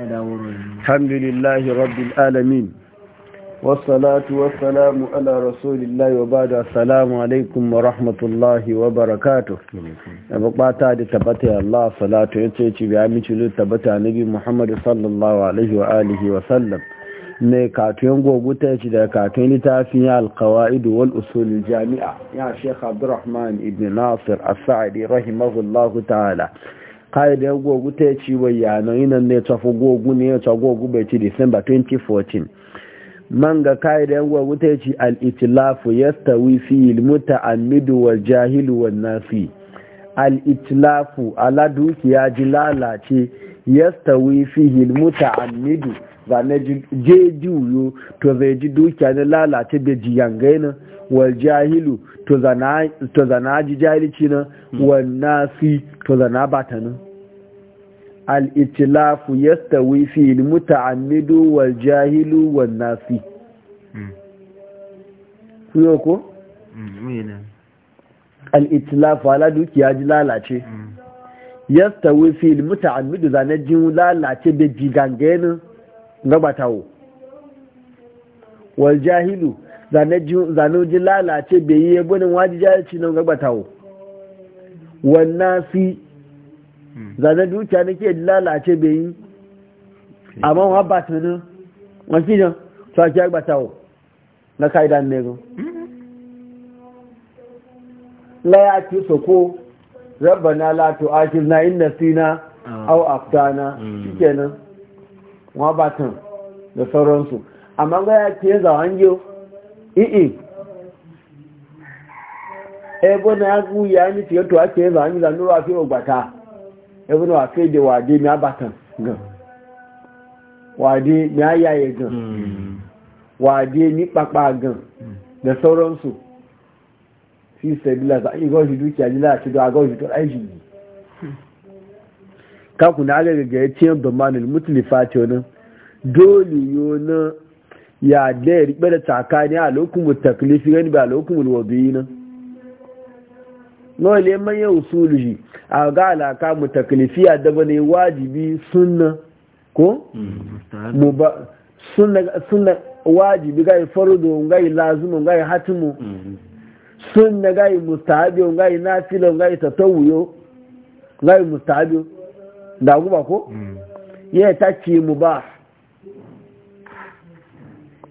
الحمد لله رب العالمين والصلاة والسلام على رسول الله وبعد السلام عليكم ورحمة الله وبركاته أبقاتا تادي تبتي الله صلاة ويتشي بعمل شلو تبتي نبي محمد صلى الله عليه وآله وسلم ne katon goguta ya ci daga katon littafin ya alkawa'idu wal usulul jami'a ya shekha abdurrahman ibn nasir as-sa'idi rahimahullahu ta'ala kai da yago guta ci ne tafi gogu ne ya tago ci December 2014 man ga kai da yago guta ci al-itlafu yastawi fi al-muta'ammidu wal jahilu wan nafi al-itlafu ala ji lalace yastawi fi al-muta'ammidu zane je ji juyo to zai ji dukiya na lalace da jiyangai na wal jahilu to zana ji jahilci na wal nasi to zana bata na al'itilafu ya stawi fi al amido wal jahilu wal nasi hmm. kuyo ko hmm, al'itilafu ala dukiya ji lalace hmm. ya stawi fi al amido zane ji lalace da jigangai na gabatawo wal jahilu zanoji lalace bai yi yabonin waji jahilci nan gabatawo wal nasi zane dukiya nake lalace bai yi amma wa ba tunu wasu jan ta ake gabatawo na ka'idan ne zo laya ci soko rabbana la tu'akhizna in sina ah. aw aftana mm. shikenan wabatan da sauransu amma ga ya ke zawon yau i'i ebe na ya gu ya ni tiye to ake zawon yi zanen ruwa fi ogbata ebe na wafe da wade mi abatan gan wade mi ayaye gan hmm. wade mi papa gan hmm. da sauransu fi sabila za a yi gawashi dukiya jila a cikin agawashi to aiki kaku na aga gaga ya ciyar da manil mutulifa wani dole yona ya da ya riɓe da ne a lokumul taklifi gani ba lokumul waduyi nan nawa ne manyan usulu shi a ga alaka mu a daba ne wajibi sunna ko mm-hmm. mu ba sunna sunna wajibi gai fardu gai lazimu gai hatimu mm-hmm. sunna gai mustahabi gai nafila gai tatawuyo gai mustahabi dagu ba ko hmm. ya ta ce mu ba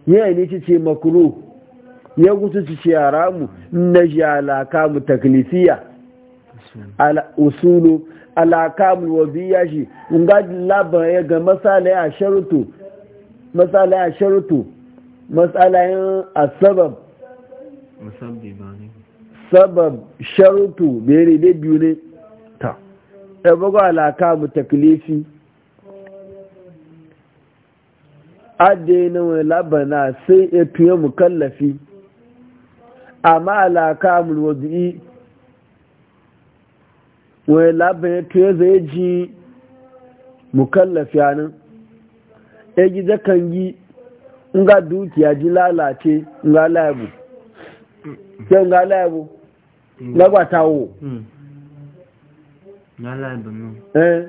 ya ne ci ce makuru ya gusu ci ce mu na shi alaka mu taklifiya usulu alaka mu ya shi nga labar ya ga masala a sharutu masala a sharutu masalayin asabab sabab sharutu bere biyu ne ya bugu alaka mu taklifi na wani e labana sai e ya tuye mu kallafi amma alaka mu wadu'i wani labana ya e tuye zai ji mu kallafi anan ya gida zakan yi nga dukiya ji lalace nga laibu sai mm. nga laibu nga gwatawo mm. eh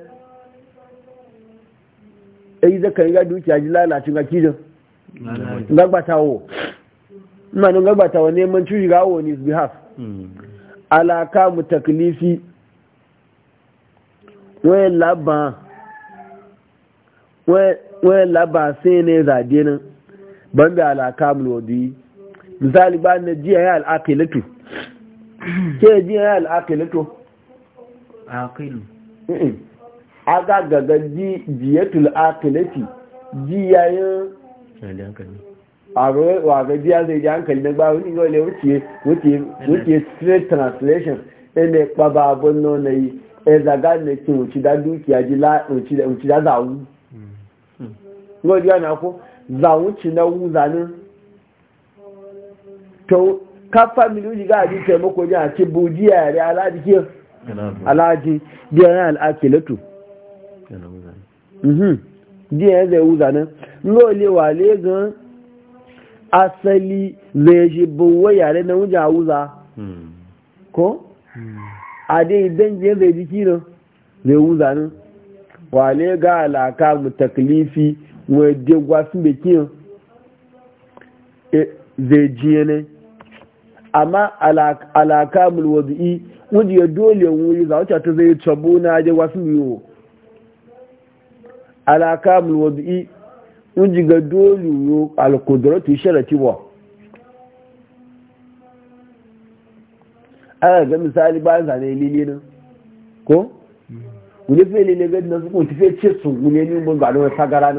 eyi zaka yi ga dukiya ji lalacin ga kijin gagbatawo manu gagbatawo neman cuci ga on his behalf alaka mu taklifi wayan laban wayan laba sai ne zade nan ban da alaka mu lodi misali ba na jiya ya al'aqilatu ke jiya ya al'aqilatu aqil aga gaga ji jiyatul aqilati ji yayin wa ga biya zai ji hankali na ba wani le wuce wuce wuce straight translation ene pa ba abun no na yi e zaga ne ki wuce da dukiya ji la wuce da wuce da zawu mm. mm. go ji ana ko zawu ci na wu zanin to ka family ji ga ji taimako ji a ci bujiya ya ala dike alhaji biya na al'akilatu mhm. biya zai wuza nan lole wale gan asali zai shi buwa yare na wuja wuza ko a dai ya zai jiki nan zai wuza nan wale ga alaka mu taklifi wadda gwasin bikin e, zai jiye ne amma alakamul wadu'i wanda ya dole wuri za wacce ta zai tabo na je wasu yiwu alakamul wadu'i wanda ga dole yiwu alkudratu sharati wa ana ga misali ba zane lili nan ko wani fiye gadi na sukun tafiye ce su wule ne mun gano wata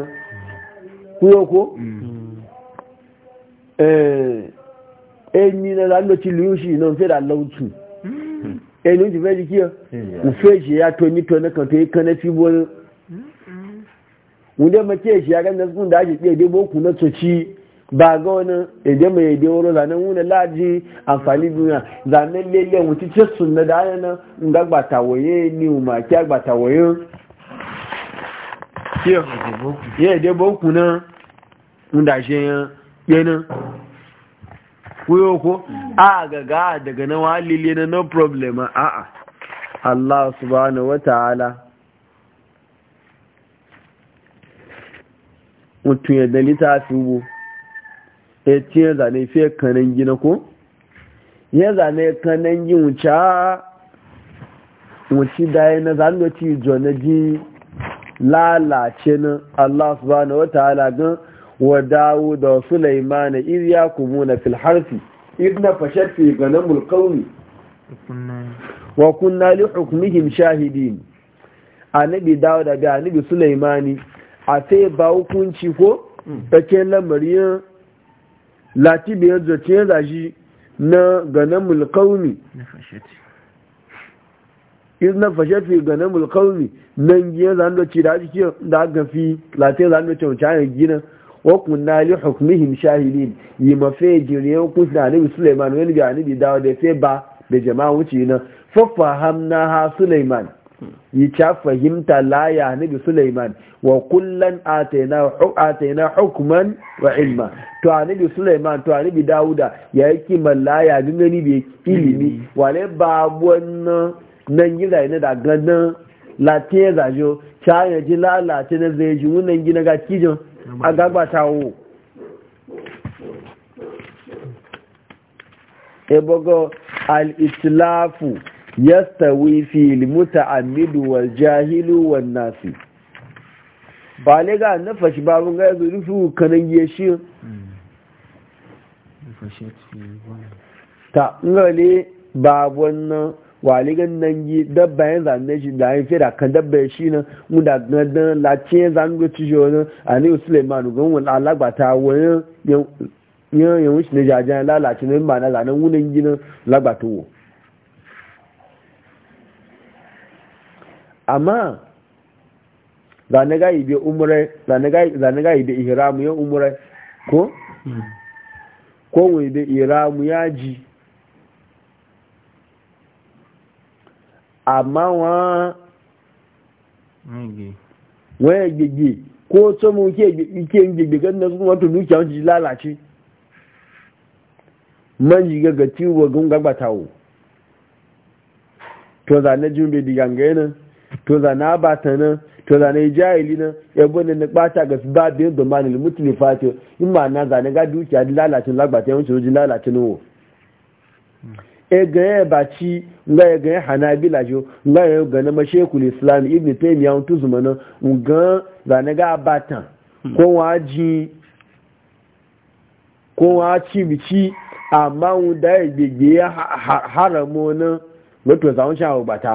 mm. eh, eh, ni na zangaci liyoshi nan fiye da ẹni oúnjẹ fẹ́ẹ́ di kí ọ òfin hmm. ẹ̀ṣẹ̀ ya tó nítọ́ kan tó yẹ kan fi bọ́ ní kí ẹ̀ṣẹ̀ ya kẹ́ńtà sùkúl pé èdè bókun náà tó ṣí bàgá ọ̀nà èdè mọ̀ èdè ọ̀rọ̀ lànà wọn láàjì àǹfààní bí wọn lànà lélẹ̀ wọn ti tẹ́ sùn náà dáná náà ni ò mà kí àgbàtàwọ̀yé yẹ yi bókun náà ń dàṣẹ yẹn kuyo ko a gaga daga na walili na no problem a a Allah subhanahu wataala mutum ya dalita fi wo ya e, ci ya zane fi kanan gina ko ya zane kanan yi wuce wuce daya na zanen ci jo na ji lalace na Allah subhanahu wataala gan wa dawud wa ya idh yakumuna fil harfi idh nafashat fi ganamul qawmi wa kunna li hukmihim shahidin annabi dawo da annabi sulaimani a sai ba hukunci ko take lamarin latibi ya zace zaji na ganamul qawmi iz na fashe fi ganin mulkauni nan giyan zanen da ci da ake da aka fi latin zanen da cewa cayan gina. wakunna li hukmihim shahidin yi mafe ẹ̀ hukunci da anabi suleiman wani ga anabi dawo da sai ba da jama'a wuce na fafahamna ha suleiman yi fahimta laya anabi suleiman wa kullan ataina hukman wa ilma to anabi suleiman to anabi dawuda ya yi kiman laya gangani da ilimi mm. wane ba nan yi zai na da ganin latin a zai wunan gida ga agbágbàta o ebogo al-itilafu yastawi fil muta'ammidu wal jahilu wan nasi ba le ga na fashi ba mun ga yanzu rufu kanan ta ngale ba wannan waligan nan yi dabba yan zane shi da yin fira kan dabba ya shi nan wanda gandan lati yin zane ga ci shi a ne suleiman gan wani alagbata wani yan yan wuce na jajen lalace na ma na zanen wunan gina lagbata wo amma zane ga ibe umure zane ga ibe ihramu ya umure ko hmm. ko wani ibe ihramu ya ji àmá wọn wọ́n ẹgbẹ̀gbẹ̀ kó tó mú kí ẹgbègbè kẹ́nà fún wọn tó lúkẹ́ àwọn jìjì lálàáṣí mọ́jì gẹ́gẹ́ tí gún gbàgbàta wò tó zane jùmbe dìgàngẹ́ náà to zane abata náà to ní jahili nan yabo ne na bata ga su ba biyan da manil in ma na zane dukiya egaye baci nga ya ganye hanabila jo nga ya gane mashekul islam ibn taymiya tu zumana nga zane ga bata hmm. ko ji ko waci bici amma wanda ya gbegbe ya haramo na wato zaun sha bata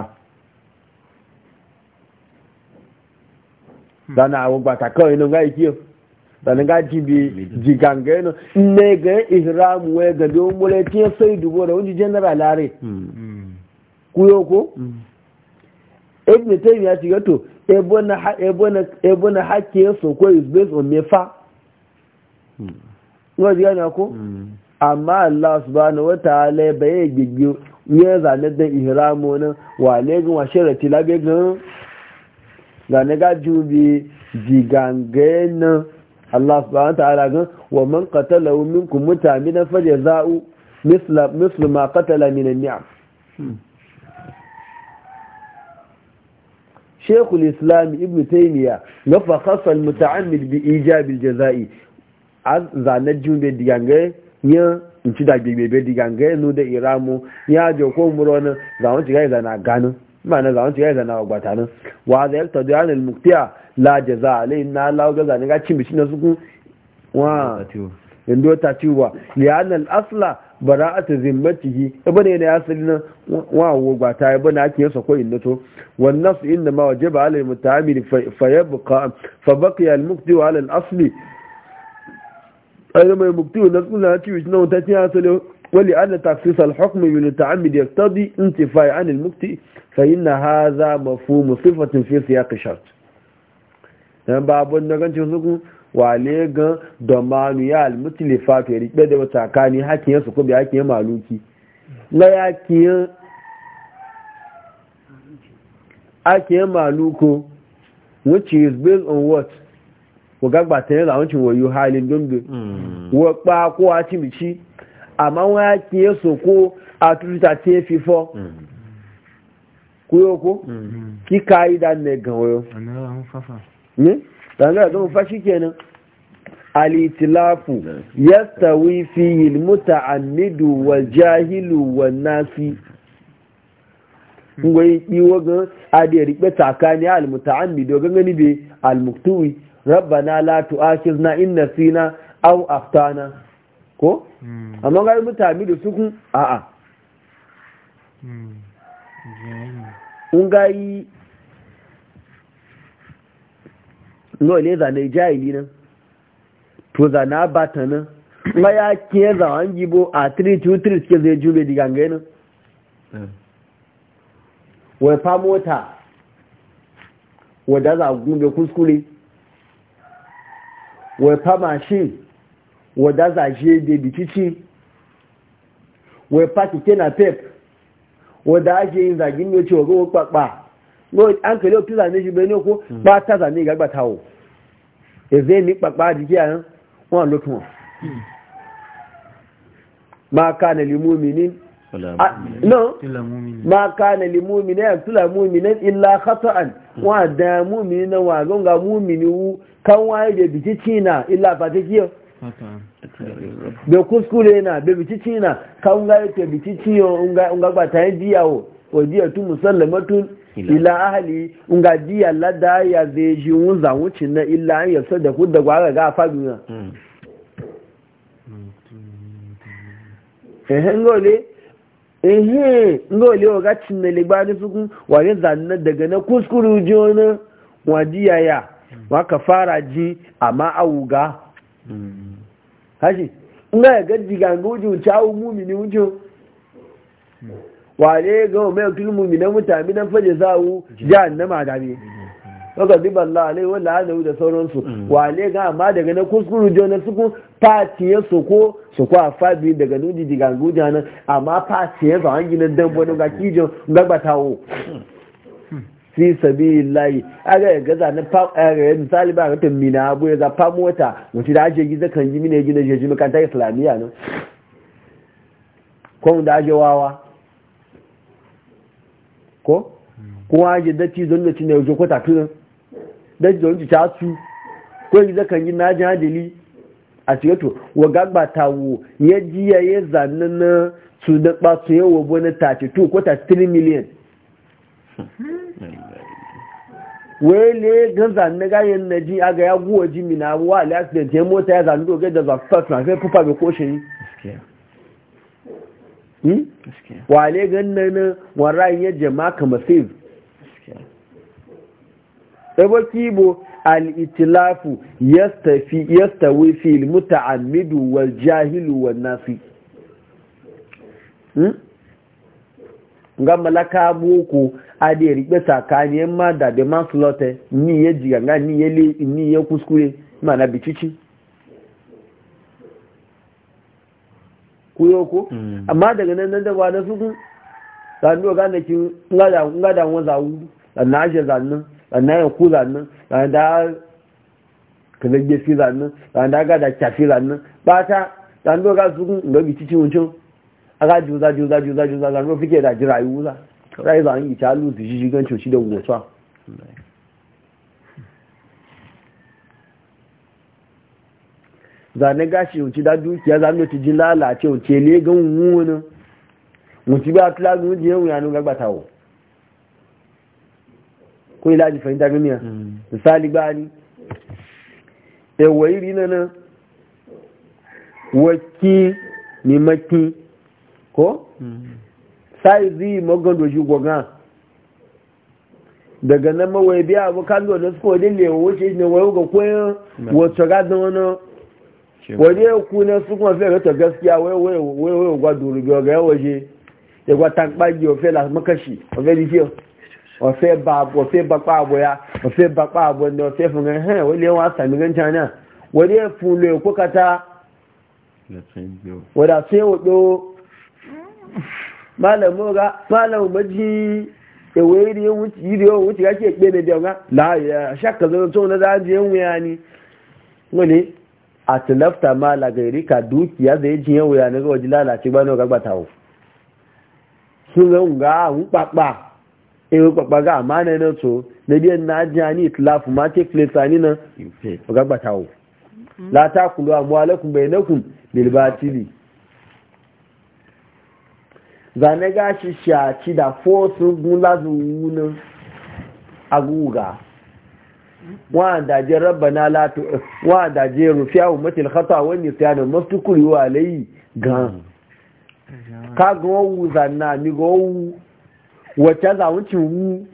hmm. zana awo bata kawai nan ga ikiyo bani ga jibi jiganga no ne ga ihram we ga do mole ti sai dubo da wani general lare. Hmm. kuyo ko hmm. ibn taymiya ti gato ebona ebona ebona hakke so ko is based on mefa hmm. ngo diga na ko amma allah subhanahu wa ta'ala bai gbigbi ya zane da ihram wani wa legin wa sharati labe gan ga ne ga jubi jiganga no Allah subhanahu ta'ala gan wa man qatala minkum mutamidan fajaza'u misla mislu ma qatala min an-ni'am hmm. Sheikh al-Islam Ibn Taymiyyah na fa khassa al-muta'ammid bi ijab al-jaza'i azana jumbe digange ya inci da gbe digange no da iramu ya je ko murona zawon ci ga zana ganin ma na zawon ci ga zana gbatanin wa za yalta al-muqtiya la a lai na lawo gaza ne ga cin bici na suku wa indo ta ciwa liyan a ta bara'atu zimmatihi ibi e ne asali na wa wogba ta yi e bane ake yasa ko na to wannan su inda ma waje ba alal mutaamil faye buka fa baka yi mukti wa alal asli mai mukti wa nasu na ci na wata ci asali wali anna takhsis al hukm bil ta'ammid yaqtadi intifai an al mukti fa inna hadha mafhum sifatin ya ka shart dan babun na gancin suku wale gan domanu ya almutilifa to rikbe da tsakani hakiyan su ko bi maluki la yakiyan hakiyan maluko which is based on what hmm. ko gagba tẹ́lẹ̀ làwọn tí wọ̀nyí halin dondo wọ́n pa kó a ti mi sí àmọ́ wọ́n á kí é sòkó àtúntà tí é fífọ́ kúyókó kíka ìdánilẹ̀ gan wọ́n. ne hmm? tanga zama fashi kenan alitilafu yastawi fi almutaannidu wal jahilu wan nasi ngoyi iwo ga takani ga almuktuwi rabbana la tu'akhizna in nasina aw aftana ko hmm. amma ga da ungayi hmm. nawa ne zane jahili nan to na bata nan ma ya ke an gibo a 323 suke zai jube digangai nan eh. wai fa mota wadda za a gube kuskure wai fa mashin wadda za a je da bitici wai fa kike na pep wadda ake yin zagin ne wa gowa kwakwa an kele otu zane ṣe bẹni okó bá tàzà ní ìgbàgbàta ò èzé ní pàpá àdìkí àrán wọn ló tún wọn ma ká nà lè mú mi ní ma ká nà lè mú mi ní àtúlà mú mi ní ilá kátọ́ àn wọn àdá mú mi ní wọn illa mú mi ní wú káwọn èdè bìtí china ilá pàtíkí ọ bẹ kúskúrẹ́ wadiyatu musallamatun ila ahli nga diya lada ya zai ji wunza wucin na ila an yasa da kudu da gwara ga faduna hmm. ehe ngole ehe ngole o ga cin na libani sukun wani zanna daga na kuskuru ji wani wadiya ya hmm. wa ka fara ji amma ga. hashi hmm. nga ga gaji gangu ji wuce awu mumini wuce wale ga mai kullu mu'minan mutane dan faje zawu jahannama da ne kaga diballah alai wala alau da sauransu mm. wale ga amma daga na kuskuru jona suku fatiye soko soko afabi daga nuji diga guja nan amma fatiye ba an gina dan bono ga kijo gagbatawo fi sabilillahi aga ga za na fa aga misali ba ga mina abu ya za fa mota mutu da aje giza kan yi mina gina jeji makanta islamiyya nan ko da aje wawa ko kowa ya dace don da cinye ko kwata tunan dace don ta su ko yi zakan yi na jihadili a cikin wa gagba ta wo ya jiya ya na su da ba su yawa wani 32 ko 3 miliyan ne gan zane ga na ji aga ya guwa ji mina wa ali accident ya mota ya zanne doge da zafi Hmm? wale ganna na warayin ya maka kama ɗaba kibo al'itilafu stawi fil muta'ammidu wal jahilu wal nasi hmm? ga malaka boko a da ya riɓe tsakaniyar ma da da masu lote ni ya jiganga ni ya kuskure ma na bicici kuyo ko mm. amma daga nan nan da ba na suku zanu ga na ki nga da wa zawu na je zannin na ya ku zannin da kaza je fi zannin da ga da kafi zannin ba ta zanu ga suku nga bi cici wuncin aga juza juza juza juza zanu fike da jirayu za rai zan yi ta lu su shi gan coci da gotsa zane gashi wuce da dukiya za mu ci ji lalace wuce ne gan wuni wuce ba tula ga wuce yawon yanu gagba tawo ko ilaji fahimta ganiya mm. misali gani ewa iri na nan waki ni maki ko mm. sai saizi magan doji gwagan daga nan mawai biya abokan da wadda suka wadda lewa wuce ne wayo mm. ga koyon wacce gadon wani wani ya kuna su kuma fiye ta gaskiya waiwaiwa gwa durubiyo ga waje ya gwa ta tankpagi ofe la makashi ofe lifiyo ofe babu ofe bakpa abu ya ofe bakpa abu ne ofe funga he wani ya wasa mi ganta na wani ya fulo ko kata wada fiye wado malamu ga malamu maji ewe iri wuce iri wuce ke kpe ne da ga la ya shakka zo to na da je wuya ni wani a tilafta ma lagairi ka dukiya zai jin yau ya na gawaji lalace ba na gbata wu sun ga nga hun kpakpa e wo kpakpa ga ma amana na to na biya na ajiya ni tilafu ma take place ni na gbata wu la ta kulu amwalakum bainakum bil batili zane ga shi shi a ci da fosun gun lazu wunan aguga wa da je rabbana la tu wa da je rufiya ummatil khata wa nisyana mastukuri wa layi ga ka gowu zanna mi gowu wacce za wuce wu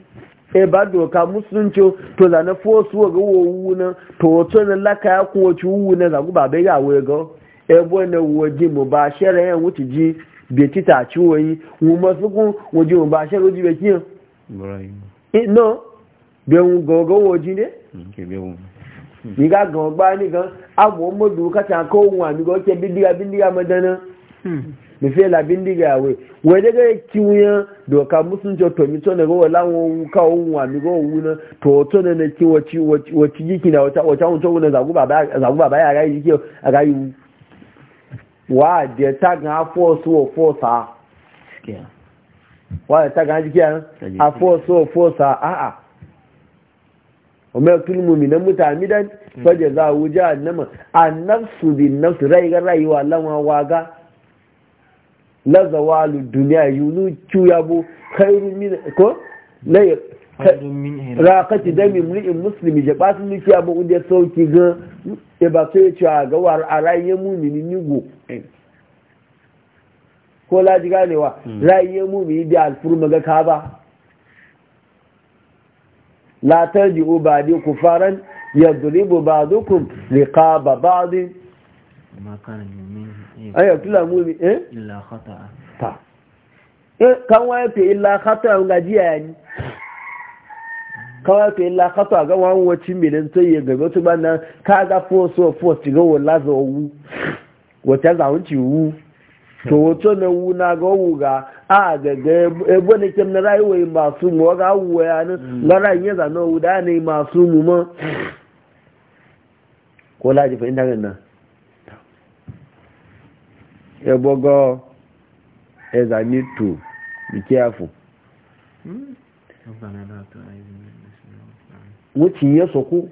e ba doka musulunci to zana fosu ga wowu na to wato na laka ya kuwa ci wu na zagu ba bai ga wego e bo na waje mu ba shere yan wuce ji bai ci ta ci woyi wu masu kun waje mu ba shere waje bai kiyan no bẹ̀rùn gọ̀ọ̀gọ̀ wọ jí ní ìgá gọ̀ọ̀ gbá nìkan àmọ́ mọ́dù kàtà kó ohun àmìgọ́ kẹ bíndíga bíndíga mọ́dáná mẹ́fẹ́ hmm. là bíndíga àwẹ̀ wọ́n dẹ́gẹ́ kí wọ́n dọ̀ka mùsùlùmí tọ̀mí tọ́nà wọ́n láwọn ohun ká ohun àmìgọ́ tọ̀ọ̀tọ́ kí wọ́n ti kìnnà ọ̀táwọn tó wọ́n وما يقتل المؤمن متعمدا فجزاؤه جهنم النفس بالنفس راي راي والله واغا لا زوال الدنيا يولو تشيابو خير من كو لا raƙati dami mulkin musulmi ya ba su nufi abu inda sauki ga ya ba sai ya ce a ga a rayuwar mumini nigo ko laji ganewa rayuwar mumini da alfurma ga ka ba la uba ba'di kufaran yadribu ba'dukum liqaba ba'd ma kana yumin ayo kila mumi eh illa eh kan waye fe illa khata'a kawai ka yi lakata ga wani milin sai ya gaba ba na, ka ga foso fosi ga wala zo wu wata zawunci wu to wato na wuna ga wuga a gaga ebe ne kem na rayuwa yi masu mu ga wuwa ya ni mm. ga yi ya na wuda ne masu mu ma ko laji fa inda nan ebo go e za need to be careful wucin ya soko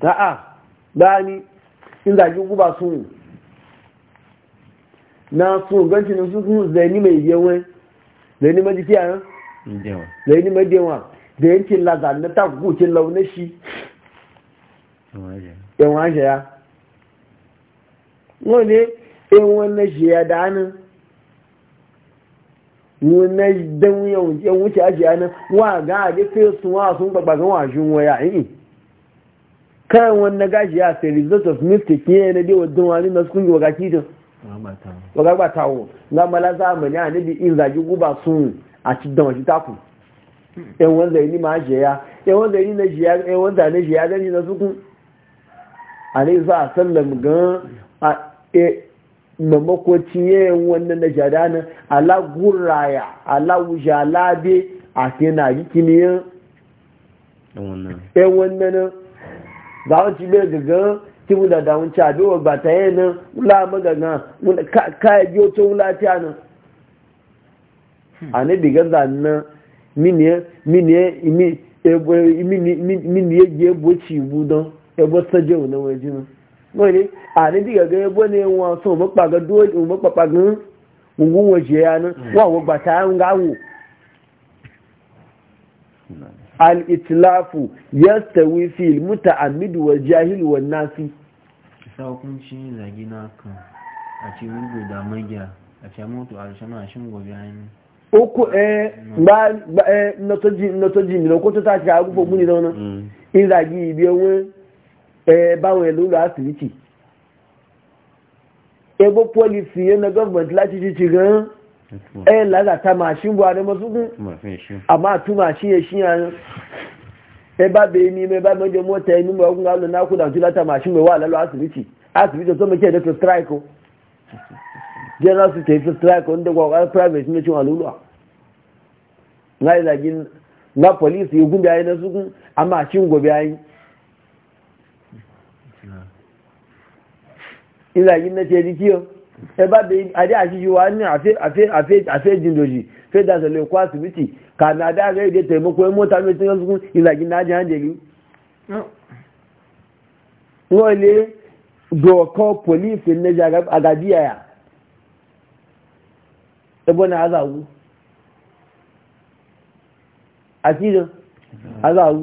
ta'a bani in zagi guba sun na sun ganci na sun sun zaini mai yawa zaini mai jikiya yan zaini mai yawa da yankin lazar na ta gukin launin shi yan waje ya wane yan wani shi ya da hannun wani don yan wuce ajiya na wa ga a gefe sun wa sun gbagbagan wa shi waya yi eh? kan wani gashi ya sai result of mistake ne na dai wadda wani na sukungi waga kitin waga ba tawo na mala zamani a nabi in zagi guba sun a ci da wani taku yan wanda yi ma ya yan wanda yi na ya yan wanda na jiya gani na sukun a ne za a sallam gan a e mamakoci yayin wannan na jadana alaguraya, ala guraya ala wujalabe a sai na yi kiniyan yan wannan za a ci bai gaga kimu da damun ci abin wa ba ta yi nan wula magaga kaya biyo wula ta nan a ne bi gaza nan mini mini mini ya je e bo don ya bo saje waje nan wani a ne bi gaga ya bo ne wa so makpaga dole makpaga ngun waje ya nan wa wa ba ta yi ngawo al'itilafu ya tawi fil muta amidu wa jahil wa nasi isa hukunci zagi na kan a ce rugu da magiya a ce mutu a rashin rashin gobe hannu uku eh ba eh notoji mi lọ́kọ́ tó tà ṣe àgúfò múni lọ́nà ìzàgì ibi ọwọ́n eh lulu ẹ̀lú lọ asibiti ẹgbó pọ́lìsì yẹn na gọ́ọ̀mẹ̀ntì láti ṣe ṣe gan-an eh laza ta mashin buwa ne masu amma tu mashin ya shi yana e ba be ni me ba mo je mota ni mo kun na ku da tu lata mashin me wa lalu asibiti asibiti so me ke da to strike ko je na su ke strike on da gwa private ne cin alulwa ngai da gin na police yi gumbi ayi na su kun amma shin gobe ayi ila gin na ce dikiyo ẹbá bẹ adé àṣíjú wa ní àfẹ́jìn lòjì lè kó àsìbìtì kàmì adáàrẹ èdè tẹ̀mọ́kọ́ mọ́ta ló tí wọ́n sún ìlàjì náàjì àjẹ́lú wọ́n lè dọ̀ọ̀kọ́ pọ̀lífì nẹ́jà àgàdí àyà ẹbọ́ na azáwú àṣíjọ azáwú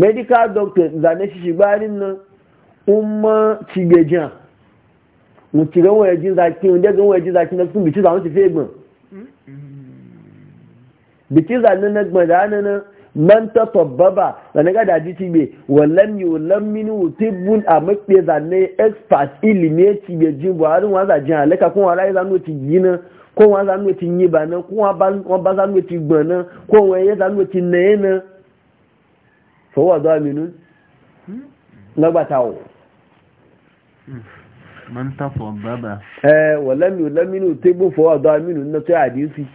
medical doctor zanẹ́ ṣiṣẹ́ gbáà nínú ọmọ tìgbẹ̀jàn mutu gan waya jin zaki wanda gan waya zaki na sun bici zanu ti fegbon bici zanu na gbada na na man ta tabbaba da na gada ji tibe wallan yi wallan mini wutibun a makpe zane expert ilimi ya tibe jin buhari wa za jin alaka kuma rayu zanu ti yi na ko wa zanu ti yi ba ko wa ba zanu ti gbọn na ko wa yi na fọwọ́ àdó àmì man tafaddaba eh walam yulaminu tibu fa wada minu na ta hadisi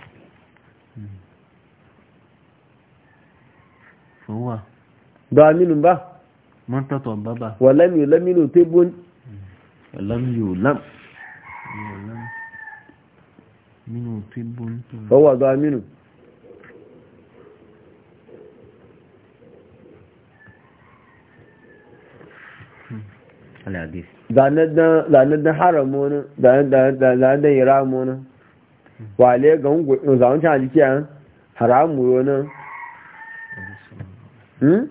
fuwa da minu ba man tafaddaba walam yulaminu o walam yulam minu tibu fa wada minu الحديث zanen da haramu wani zanen da iramu wani wale ga zanen can jikiya haramu wani hmm?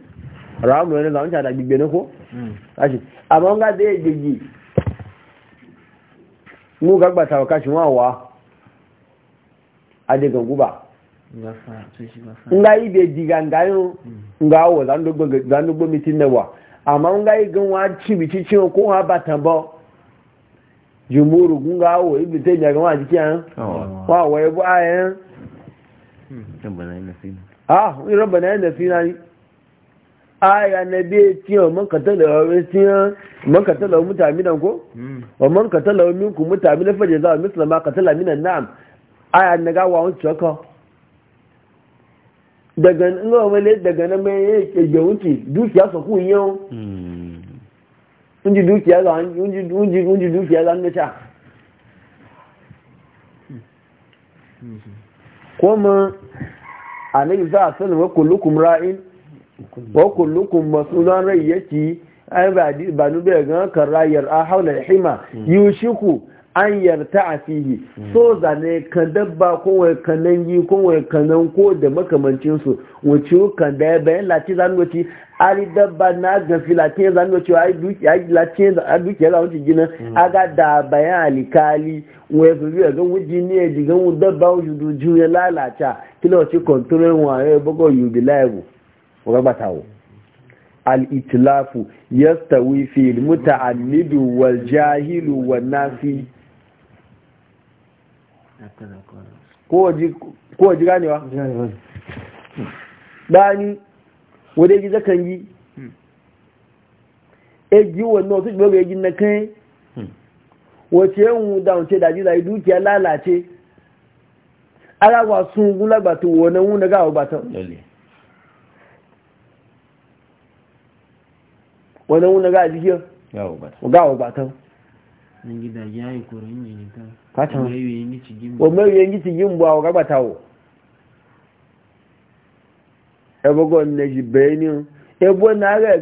haramu wani zanen can da gbigbe na ko? Hmm. ashe amma ga zai gbigbi mu gagbata wa kashin wawa a daga guba nga ibe diga nga yi nga awo zanen gbogbo mitin na wa amma nga yi gan wa cibi cici ko wa batan ba jumuru gun ga wo ibi te ja wa jiki an wa wa yi bu ayan ah ni rabbana ya nasina ni aya na biye tiyo man katala wa wesiya man katala wa mutaminan ko hmm. wa man katala wa minkum mutaminan fa jaza mislama katala minan na'am aya na ga wa wancan ko daga in ga wale daga nan mai yake ga wuce dukiya su ku yau unji dukiya ga unji unji unji dukiya ga ngata kuma annabi za a sallama kullukum hmm. ra'in wa kullukum mas'ulun rayyati ai ba ba nube ga kan rayar a haula hima ku? an yarta a fihi hmm. so zane kan dabba ko wai kanan yi ko wai kanan ko da makamancin su wuce kan da bayan lati zan wuce ari dabba na gafi lati zan wuce ai duki ai lati zan ai duki zan wuce gina hmm. ga da bayan alikali wai su biya ga wuji ne ji ga mu dabba wuce du ya lalata kila wuce kontrol wa ya bugo yubi laibu liable ko ga batawo al itlafu yastawi fil muta'allid wal jahil wan nafi kowa ji ganewa? ɗani wadda yi zakan yi egi wannan wasu jimogbo egi na kan wace da daunce daji zai dukiya lalace alawa sun gbata. wane wuna ga abubatan wane wuna ga jikiyar ga abubatan kata omerie ngiti gị mgbe ahụ gagbatawo ebogo nne ji bee ni ebo na aga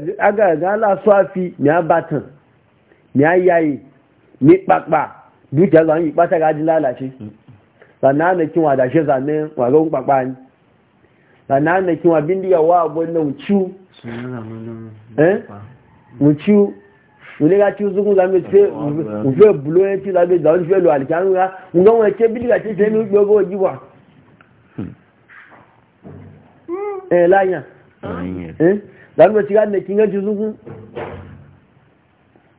aga alasụ afi ni abatan ni ayayi ni kpakpa dukiya zuwa yi kpata gaji lalace sannan na kinwa da shi zane wagon kpakpa ni sannan na kinwa bindiyawa abuwan na wuciu eh wuciu wòle ka tí zungu zan wòfe lo alikanu ya nga wọn tse wa kinga tí zungu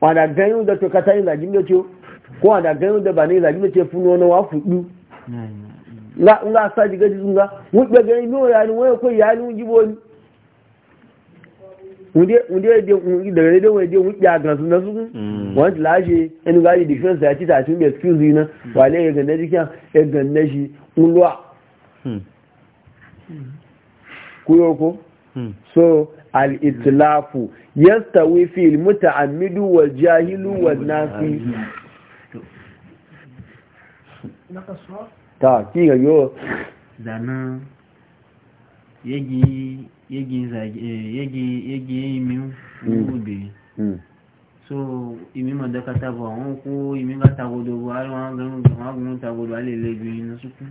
wàdà gẹ́yìn dẹ̀ tó kata yìí làjí mi tse kó wàdà gẹ́yìn dẹ̀ bà ní làjí mi tse nga nga sa jigé tí zungu nga wọn gbẹ gẹ́yìn ni ni wunde daga daidai wani jiya wuƙi a gansu na su mm. wani ti lashe yanu gaji defense ya ci ta tun bai excuse yi na mm. wale ya ganna jikin ya ganna shi hmm. hmm. so al-itlafu yastawi fil muta'ammidu wal jahilu wal nasi ta ki ga yo Eh, yegi yegi imi hmm. ngube hmm. so imi ma da katabo awon ko imi ga tagodo bo ari won gan won gun tagodo ale bi inu suku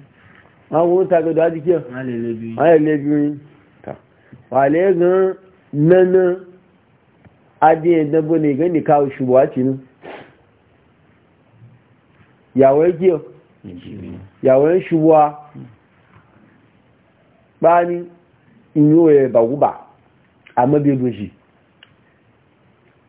a awon won tagodo adi ki ale lebi ale lebi ta le gan nana adi edan bo ni gan ni ka osubo ati nu yawo eki o yawo nsubo a hmm. bani inyo ya ba guba doji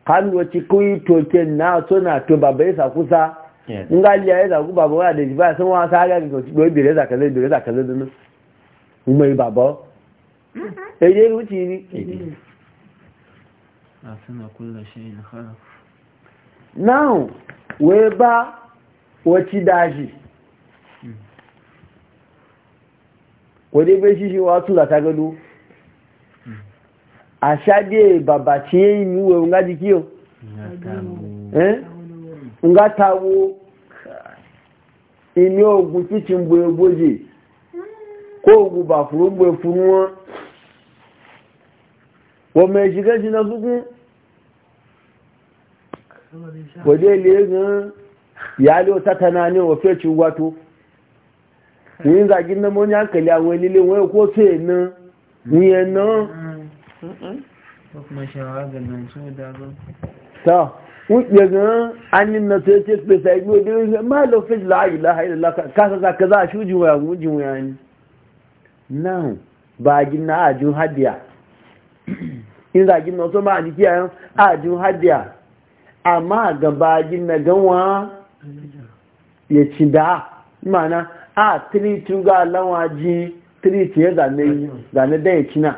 kan wati ci to ken na na to babba ya kusa in ga liya ya zagu babba wa ba jiba sun wasa ga ga ci doyi bere zaka zai bere zaka zai dinu kuma yi e eh dai ti ni asana kullu shay'in khalaq now we ba wace daji mm. ko de be shi shi wa tula ta gado ashade babaci yayi muwe nga dikiyo eh nga tawo imi ogu titi mbo eboje ko ogun ba furu mbo furu won wo me jige jina sugun wo de le gan ya lo tatana ni o fe chuwa to ni za gin na mo nya kale awon lile won ko se na ni e na ta wuce gan annin na sai ce space a da yanzu ma lofis la'ayi la'ayi la'ayi kasa za ka za a shujin waya gujin waya ne nan ba gina ajin hadiya in za gina wasu ma a jiki a ajin hadiya amma ga ba gina ganwa ya ci da mana a 3 ga lawaji ya zane dan ya ci na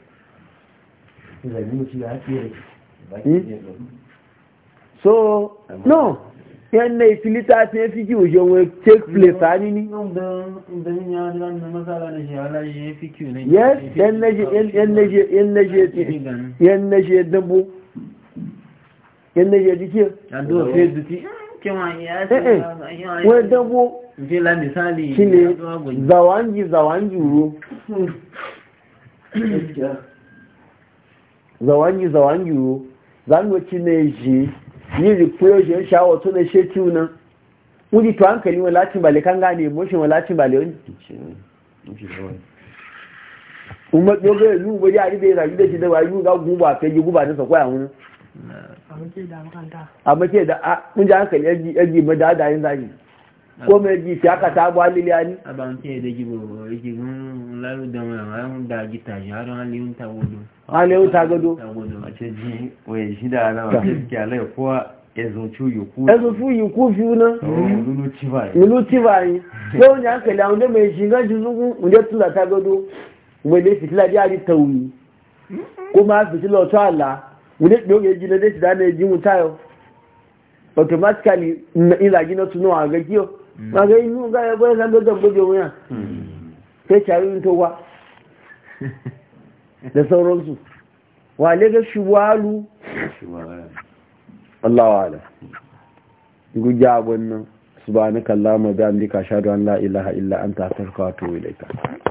Hmm? so no yan na ifilita littafi ya fi kiwo yawon take place a nini yan na je dambo yan na je zawangi zawangi ro zawangi zawangi wo zanwaci ne ji yi rikuyo shi yin sha'awa to na shi tiwu nan wuri to hankali wa latin bale kan gane moshin wa latin bale wani umar yoga ya zuwa ya ribe ya rayu da shi da wayu ga guba ta yi guba ta sakwaya wani a mace da a kun ji hankali yaji e e madada yin zagi Ah. ko mai ji shi aka ta abuwa liliya ni a ah, ban ce da ji gbogbo iji gun lalu da mai harin da ji ta shi harin halin ta gudu halin ta gudu a ce ji oye shi da ana wa ke alai kowa ezufu yuku ezufu yuku fi na lulu tibayi yau ni an kala wanda mai shi ganci zugu wanda tula ta gudu wanda fitila ya ri tauni kuma fitila wata ala wanda ɗoge ji na dai shi da na ji mutayo automatically ina gina tunawa ga kiyo ma yi inu ga ya bai san da gobe wuya sai tare in towa da sauransu wale ga shiwalu Allah wa ala guja wannan subhanakallahumma bihamdika ashhadu an la ilaha illa anta astaghfiruka wa atubu ilayk